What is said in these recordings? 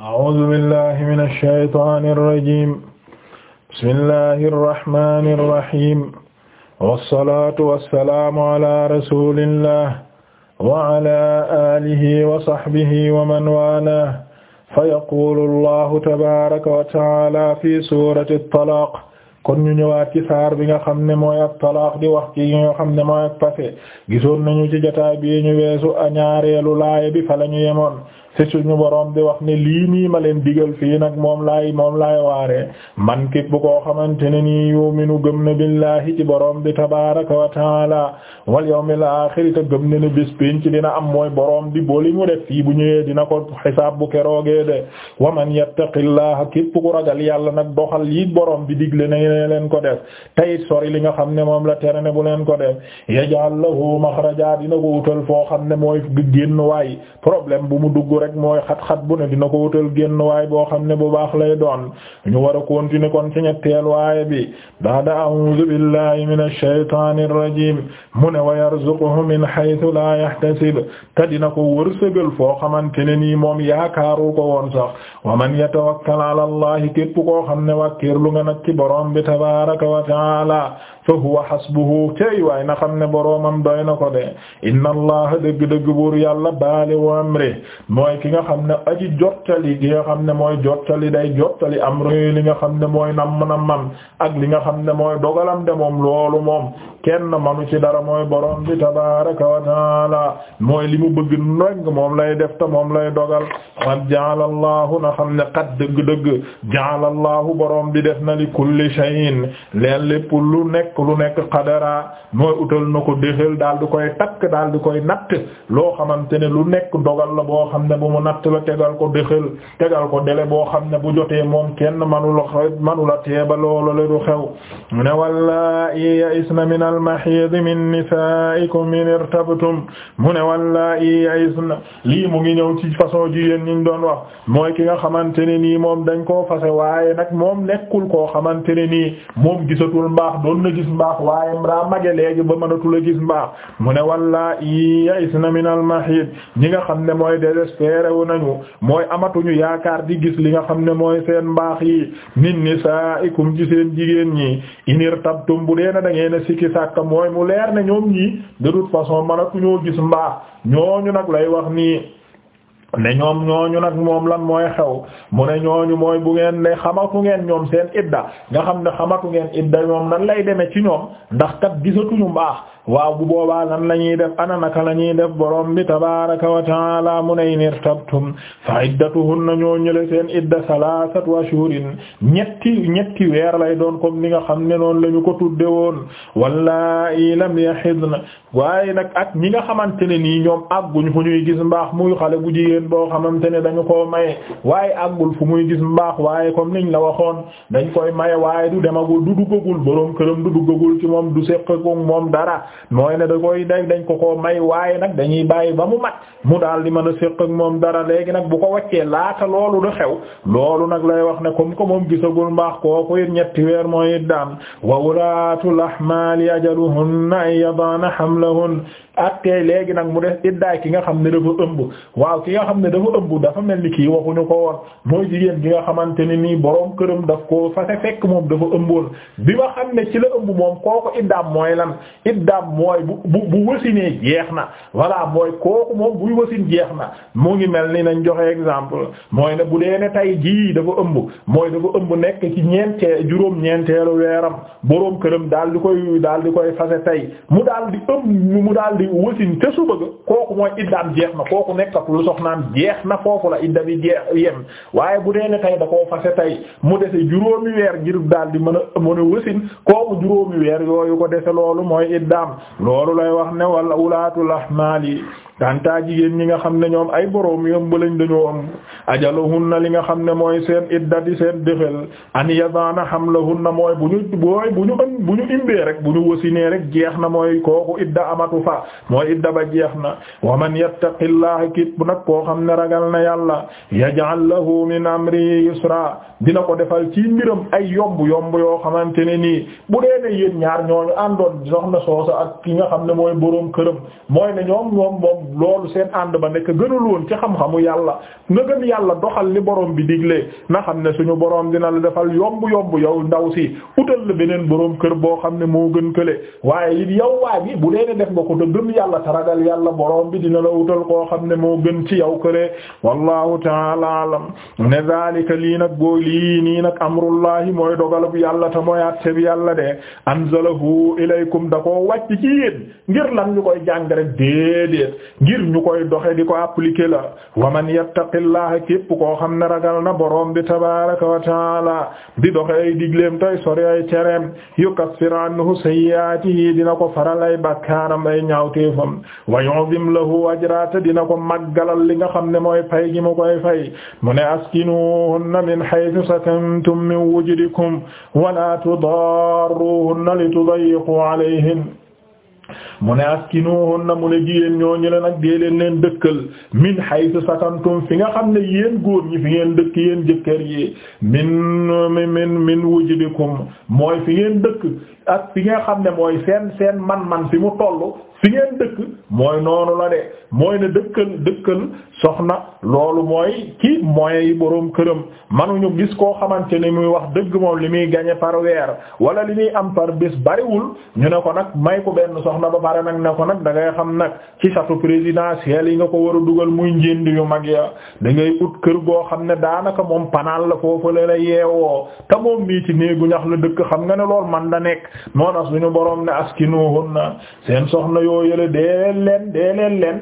أعوذ بالله من الشيطان الرجيم بسم الله الرحمن الرحيم والصلاة والسلام على رسول الله وعلى آله وصحبه ومن والاه فيقول الله تبارك وتعالى في سورة الطلاق kon ñu ñëwaat ci saar bi nga xam ne mooy ak talaax di wax ci nga xam ne mooy ak pase gisoon nañu ci jotaay bi ñu weesu a ñaareelu laaya bi fa lañu yemoon ci suñu borom bi wax ne lii nii ma leen digal fii nag moom laay moom laay waaree man képp koo xamante ne nii yu'minu gëm na billahi ci borom bi tabaaraka wa taala wal yawmil aaxir te gëm na ne bés pénc dina am mooy boroom bi booli mu def fii bu ñëwee dina ko xisaab bu keroogee de wa man yattaqillaha képp ku ragal yàlla nag doxal yi borom bi digle na leen ko def tey sori li nga xam ne moom la tere ne bu leen ko def yaj'al lahu maxraja dina xam ne mooy génn rek mooy xat-xat bu ne dina ko wutal génn waay boo xam ne bu baax lay doon ñu war a continuer kon ci ñetteel waaye bi ba'da a'uuzu billahi minash shaytaanir rajiim mu ne wa yarzuquhu min haythu laa yahtasib te dina ko wërsëgal foo xamante ne nii moom yaakaaru ko woon sax wa man yatawakkal ala allahi képp koo xam ne wàkkiirlu nga nag ci borom bi tabaaraka wa ta'aala fa huwa hasbuhu tey waay na xam ne boromam doy na ko de inna allaha dëgg-dëgg buur yàlla baali amri mooy mooy ki nga xam ne aji jottali ki nga xam ne mooy jottali day jottali am rek li nga xam ne mooy nam nam nam ak li nga xam ne mooy dogalam de moom loolu moom kenn manu ci dara mooy borom bi tabaaraka wa taala mooy li mu bëgg ndong moom lay def te moom lay dogal man ja'ala Allahu na xam ne qad dëgg-dëgg ja'ala Allahu borom bi def na li kulli shay'in leen lépp lu nekk lu nekk qadara mooy utal na ko déxal daal di koy takk daal di koy natt loo xamante ne lu nekk dogal la boo xam ne bu mu natt la tegal ko dëxël tegal ko dele boo xam ne bu jotee moom kenn manula manula teeba loolu la du xew mu ne wallaahi ya'isna min al-mahiid min nisaa'ikum in irtabtum mu ne wallaahi na lii mu ngi ñëw ci façon jigéen ñi ñu doon wax mooy ki nga xamante ne nii moom dañ ko fase waaye nag moom nekkul ko xamante ne nii moom gisatul mbaax doon na gis mbaax waaye daa mage léegi ba mënatul a gis mbaax mu ne wallaahi ya'isna min al-mahiid ñi nga teerewu nañu mooy amatuñu yaakaar di gis li nga xam ne mooy seen mbaax yi min nisaa'ikum ci seen jigéen ñi inir tabtum bu deena da ngeen a sikki sàkk mooy mu leer ne ñoom ñii de toute façon mënatuñoo gis mbaax ñooñu nag lay wax nii ne ñoom ñooñu nag moom lan mooy xew mu ne ñooñu mooy bu ngeen ne xamatu ngeen ñoom seen idda nga xam ne xamatu ngeen idda ñoom nan lay demee ci ñoom ndax kat gisatuñu mbaax waaw bu boobaa lan la ñuy def ana naka la ñuy def borom bi tabaaraka wa ta'aala mu ne in irtabtum fa nañu ñoo ñële seen idda salaasatu ashhurin ñetti ñetti weer lay doon comme ni nga xam ne noonu la ñu ko tudde woon wallaahi lam na waaye nag ak ñi nga xamante ne nii ñoom àgguñ fu ñuy gis mbaax muy xale bu jigéen boo xamante ne dañu ko maye waaye àggul fu muy gis mbaax waaye comme niñ la waxoon dañ koy maye waaye du demagul du duggagul borom këram du duggagul ci moom dara mooy ne da koy dañ ko koo may waaye nag dañuy bàyyi ba mu mat mu daal di mën a séq moom dara léegi nag bu ko waccee laata loolu du xew loolu nag lay wax ne comme que moom gisagul mbaax kooku it ñetti weer mooy daan wa ulaatul ahmaali ajaluhunna an yadaana hamlahun ak tey léegi nag mu des iddaay ki nga xam ne dafa ëmb waaw ki nga xam ne dafa ëmb dafa mel ni kii waxuñu ko woon mooy jigéen gi nga xamante ne nii boroom këram daf koo fase fekk moom dafa ëmboon bi nga xam ne ci la ëmb moom kooku iddaam mooy lan iddaam mooy bu bu bu wasinee jeex na voilà mooy kooku moom buy wasin jeex na mu ngi mel ni nañ joxe exemple mooy ne bu dee tey jii dafa ëmb mooy dafa ëmb nekk ci ñeentee juróom weeram boroom këram daal di koy daal di koy fase tey mu daal di ëmb mu daal di wasin ca suba kooku mooy iddaam jeex na kooku nekkatul soxnaam jeex na foofu la idda bi jeex yem waaye bu dee tay tey da koo fase tey mu dese juróomi weer ngir daal di mën a mën a wasin kooku juróomi weer yooyu ko dese loolu mooy iddaam loolu lay wax ne wala ulaatul ahmaali kantaa jigéen ñi nga xam ne ñoom ay boroom yomb ba lañ dañoo am ajaluhunna li nga xam ne mooy seen iddati seen dëxel an yadana hamlahunna mooy bu ñu bu ñu ën bu ñu imbee rek bu ñu wasinee rek jeex na mooy kooku idda amatu fa mooy idda ba jeex na wa man yattaqillaha képp nag koo xam ne ragal na yàlla yaj'al lahu min amri yusra dina ko defal ci mbiram ay yomb yomb yoo xamante ne nii bu dee ne yéen ñaar ñooñu àndoon soxna soosa ak ki nga xam ne mooy boroom këram ñoom loolu seen ànd ba nekk gënul woon ci xam-xamu yàlla nga gën yàlla doxal li borom bi digle na xam ne suñu borom dina la defal yomb yomb yow ndaw si utal la beneen borom kër boo xam ne moo gën kële waaye it yow waa bi bu dee def nga ko te gëm yàlla te ragal yàlla borom bi dina la utal koo xam ne moo gën ci yow kële wallahu taala alam ne zalika lii nag boo lii nii nag amrullahi mooy bu yàlla te mooy àtte yàlla de anzalahu ilaykum da koo wàcc ci yéen ngir lan ñu koy jàng ngir ñu koy doxe di ko appliquer la wa man yattaqillaha képp koo xam ne ragal na boroom bi tabaraka wa taala di doxe ay digleem tay sori ay cereem yukaffir anhu sayyiatihi dina ko faral ay bakkaaram ay ñaawteefam wa yu'zim lahu ajrata dina ko maggalal li nga xam ne mooy pay gi mu koy fay mu ne askinuhunna min haythu sakantum min wujdikum wa la tudarruhunna litudayyiqu alayhin mu ne askinuhunna mu ne jigéen ñoo ñu leen ak dee leen leen dëkkal min haythu sakantum fi nga xam ne yéen góor ñi fi ngeen dëkk yéen jëkkër yi min min min wujudikum mooy fi ngeen dëkk ak fi nga xam ne mooy seen seen man-man fi mu toll fi ngeen dëkk mooy noonu la de mooy ne dëkkal dëkkal soxna loolu mooy ci mooy yi boroom këram manuñu gis koo xamante ni muy wax dëgg moom li muy gagner par weer wala li muy am par bés bariwul ñu ne ko nag may ko benn soxna ba pare nag ne ko nag da ngay xam nag ci château présidentiel yi nga ko war dugal muy njënd yu mag ya da ngay ut kër goo xam ne daanaka moom panaal la foofu la la yeewoo te moom ci néegu ñax la dëkk xam nga ne loolu man da nekk moo tax suñu borom ne askinuhunna seen soxna yoo yële dee leen dee leen leen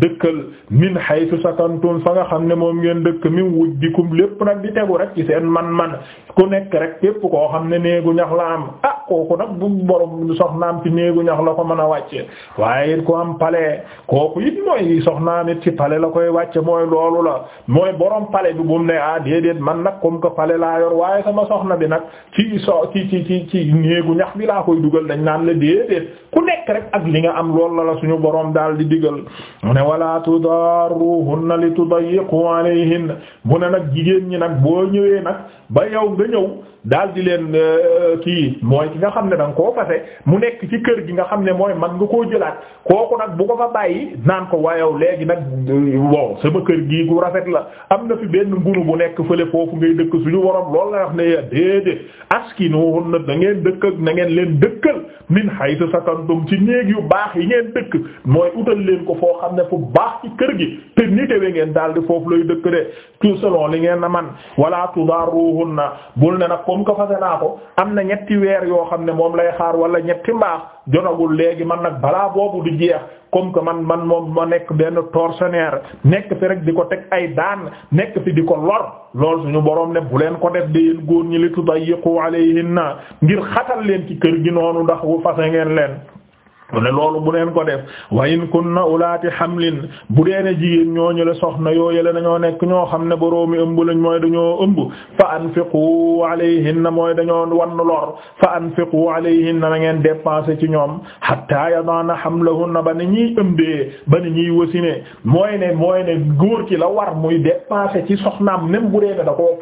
dëkkal min haythu sakantum fa nga xam ne moom ngeen dëkk min kum lépp nag di tegu rek ci seen man-man ku nekk rek képp koo xam ne néegu ñax la am ah, kooku nag bu borom soxnaam ci néegu ñax la ko mën a wàccee waaye it ko am pale kooku it mooy soxnaam ci palais la koy wàcce mooy loolu la mooy borom pale bi bu mu ne ah déedéet man nag comme que palais laa yor waaye sama soxna bi nag ci so ci ci ci ci néegu ñax bi laa koy dugal dañ naan la déedéet ku nekk rek ak li nga am lool la la suñu boroom daal di digal mu ne wala tudarruhunna li tudayyiqu alayhin bu ne nag jigéen ñi nag boo ñëwee nag ba yow nga ñëw daal di leen euh, euh, kii mooy ki nga xam ne da nga koo fase mu nekk ci kër gi nga xam ne mooy man nga koo jëlaat kooku nag bu ko fa bàyyi naan ko wayow léegi nag euh, wow sama kër gii gu rafet la am na fi benn ngunu bu nekk fële foofu ngay dëkk suñu worom loolu la wax ne eh, déedéet askinuhunna da ngeen dëkk ak na ngeen leen dëkkal min haythu sakantum ci néeg yu baax yi ngeen dëkk mooy utal leen ko foo xam ne fu baax ci kër gi te nitewe ngeen daal di foofu lay dëkk de tout selon li ngeen na man wala tudaruhunna comme que fase naa ko am na ñetti weer yoo xam ne moom lay xaar wala ñetti mbaax jonagul léegi man nag balaa boobu di jeex comme que man man moom ma nekk benn tortionnaire nekk fi rek di ko teg ay daan nekk fi di ko lor lool suñu borom ne bu leen ko def de yéen góor ñi li tudayyiqu alayhinna ngir xatal leen ci kër gi noonu ndax wu fase ngeen leen mu loolu bu leen ko def wa in kunna ulaati hamlin bu dee ne jigéen ñooñu la soxna yoo yële nañoo nekk ñoo xam ne boroomi ëmb lañ mooy dañoo ëmb fa anfiqu alayhinna mooy dañoo wann lor fa anfiqu alayhinna na ngeen dépenser ci ñoom hatta yadana hamlahunna ba ni ñuy ëmbee ba ni ñuy wasine mooy ne mooy ne góor ki la war muy dépenser ci soxnaam même bu dee ne da koo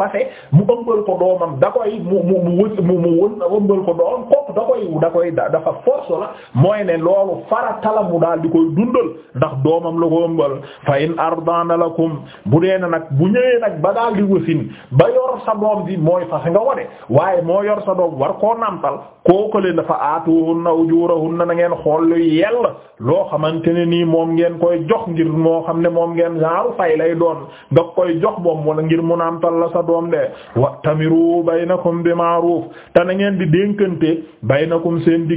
mu ko doomam da koy mu mu mu wës mu mu wën ëmbal ko doom kooku da koy dafa force la mooy ne loolu faratala mu daal di koy dundal ndax doomam la ko ëmbal fa in ardana lakum bu dee na nag bu ñëwee nag ba daal di wasin ba yor sa doom di mooy fas nga wade waaye moo yor sa doom war ko namtal kookale dafa aatuhunna ujurahunna na na ngeen xool lu yell loo xamante ne nii moom ngeen koy jox ngir moo xam ne moom ngeen genre fay lay doon nga koy jox moom wala ngir mu namtal la sa doom de wa tamiru baynakum na ngeen di dénkante baynakum seen di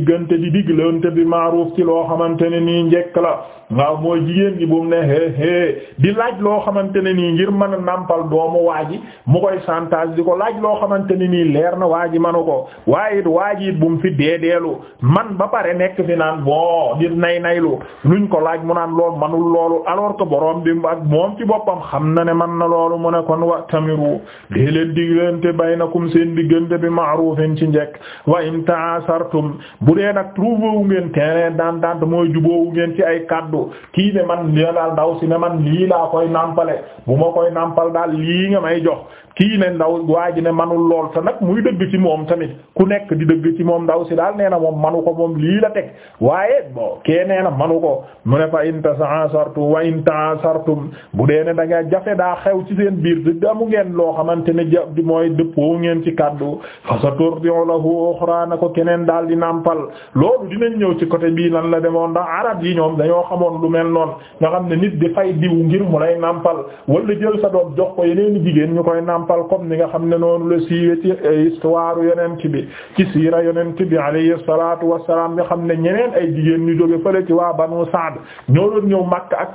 diglante bi ma'ruf ma'ruf ci loo xamante ne nii njekk la waaw mooy jigéen gi bu mu ne hee di laaj loo xamante ne nii ngir mën a nàmpal doomu waa ji mu koy chantage di ko laaj loo xamante ne nii leer na waa ji manu ko waaye it waa ji it bu mu fi deedeelu man ba pare nekk fi naan boo di nay naylu luñ ko laaj mu naan lool manul loolu alors que borom bi ak moom ci boppam xam na ne man na loolu mu ne kon wa tamiru dee leen diggante baynakum seen diggante bi ma'rufin ci njekk wa in ta'asartum bu dee nag trouvé wu ngeen terrain d'entente mooy jubóowu ci ay kaddu loolu kii ne man li daal ndaw si ne man lii laa koy nàmpale bu ma koy nàmpal daal lii nga may jox kii ne ndaw waa ji ne manul lool te nag muy dëgg ci moom tamit ku nekk di dëgg ci moom ndaw si daal nee na moom manu ko moom lii la teg waaye boo kee nee na manu ko mu ne fa in tasartum wa in tasartum bu dee ne da nga jafe daa xew ci seen biir di amu ngeen loo xamante ne ja mooy dëppoo ngeen ci kàddu fa saturdi'u lahu ukhra na ko keneen daal di nàmpal loolu dinañ ñëw ci côté bii lan la demoon ndax arab yi ñoom dañoo xamoon lu mel noon nga xam ne nit di fay diw ngir mu lay nàmpal wala jël sa doom jox ko nàmpal comme la siiwee ci histoire yonent bi ci siira yonent bi alayhi salaatu wassalaam nga xam ne ñeneen ay jigéen ñu jóge fële ci waa Banu Saad ñoo doon ñëw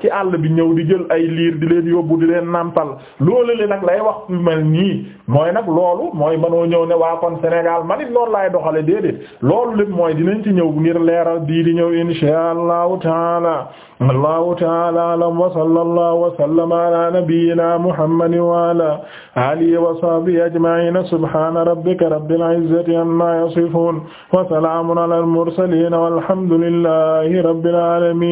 ci àll bi ñëw di jël ay liir di leen yóbbu di leen nàmpal loolu li nag lay wax lu mel nii mooy nag loolu mooy manoo ñëw ne waa kon Sénégal man it noonu laay doxale déedéet loolu lépp mooy dinañ ci ñëw ngir leeral bii di ñëw inshaa Allahu taala Allahu taala alam wa sallallahu wa sallama ala nabiyyina Muhammadin wa ala alihi wa sahbihi ajma'ina subhana rabbika rabbil izzati amma yasifun wa salamun ala al mursalin walhamdulillahi rabbil alamin